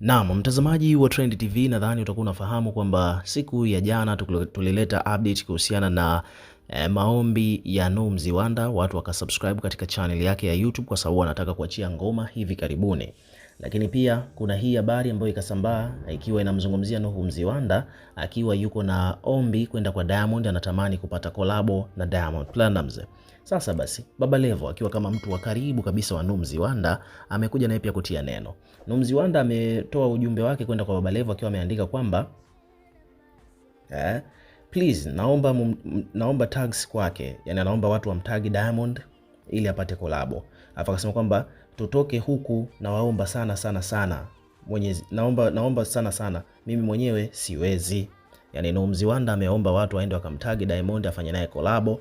Naam, mtazamaji wa Trend TV nadhani utakuwa unafahamu kwamba siku ya jana tulileta update kuhusiana na e, maombi ya Nuh Mziwanda, watu wakasubscribe katika channel yake ya YouTube kwa sababu anataka kuachia ngoma hivi karibuni. Lakini pia kuna hii habari ambayo ikasambaa ikiwa inamzungumzia Nuhu Mziwanda akiwa yuko na ombi kwenda kwa Diamond, anatamani kupata kolabo na Diamond Platinumz. Sasa basi, Baba Levo akiwa kama mtu wa karibu kabisa wa Nuhu Mziwanda amekuja naye pia kutia neno. Nuhu Mziwanda ametoa ujumbe wake kwenda kwa Baba Levo akiwa ameandika kwamba eh, please naomba, mum, naomba tags kwake, yani anaomba watu wamtagi Diamond ili apate kolabo. Alafu akasema kwamba tutoke huku, na waomba sana sana sana Mwenyezi, naomba, naomba sana sana, mimi mwenyewe siwezi. Yani Nuh Mziwanda ameomba watu waende wakamtagi Diamond afanye naye kolabo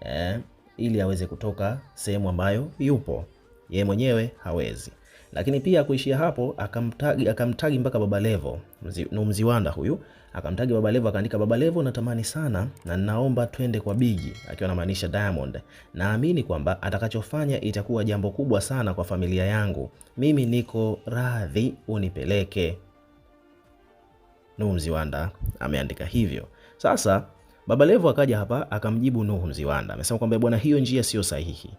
eh, ili aweze kutoka sehemu ambayo yupo ye mwenyewe hawezi. Lakini pia kuishia hapo akamtagi akamtagi mpaka Baba Levo mzi, Mziwanda huyu akamtagi Baba Levo, akaandika Baba Levo, natamani sana na ninaomba twende kwa Bigi, akiwa anamaanisha Diamond. Naamini kwamba atakachofanya itakuwa jambo kubwa sana kwa familia yangu, mimi niko radhi unipeleke. Nuhu Mziwanda ameandika hivyo. Sasa Baba Levo akaja hapa akamjibu Nuhu Mziwanda, amesema kwamba bwana, hiyo njia sio sahihi.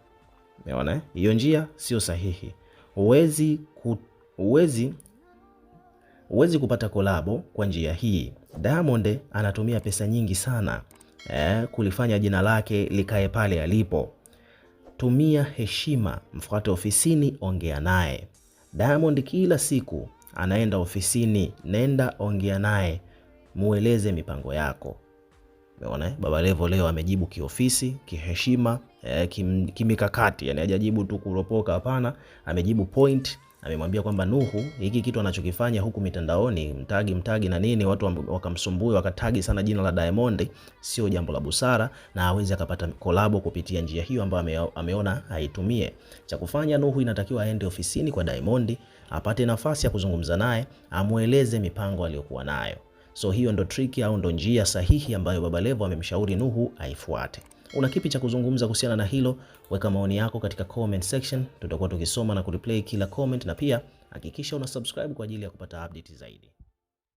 Umeona, eh? hiyo njia sio sahihi. Huwezi huwezi, huwezi kupata kolabo kwa njia hii. Diamond anatumia pesa nyingi sana eh, kulifanya jina lake likae pale alipo. Tumia heshima, mfuate ofisini, ongea naye. Diamond kila siku anaenda ofisini, nenda ongea naye, mueleze mipango yako. Umeona, eh? Baba Levo leo amejibu kiofisi, kiheshima, eh, kimikakati, yani hajajibu tu kuropoka, hapana, amejibu point amemwambia kwamba Nuhu, hiki kitu anachokifanya huku mitandaoni, mtagi mtagi na nini, watu wakamsumbui wakatagi sana jina la Diamond, sio jambo la busara, na awezi akapata kolabo kupitia njia hiyo ambayo ameona aitumie. Cha kufanya Nuhu, inatakiwa aende ofisini kwa Diamond, apate nafasi ya kuzungumza naye, amweleze mipango aliyokuwa nayo. So hiyo ndo triki au ndo njia sahihi ambayo Baba Levo amemshauri Nuhu aifuate. Una kipi cha kuzungumza kuhusiana na hilo? Weka maoni yako katika comment section, tutakuwa tukisoma na kureplay kila comment, na pia hakikisha una subscribe kwa ajili ya kupata update zaidi.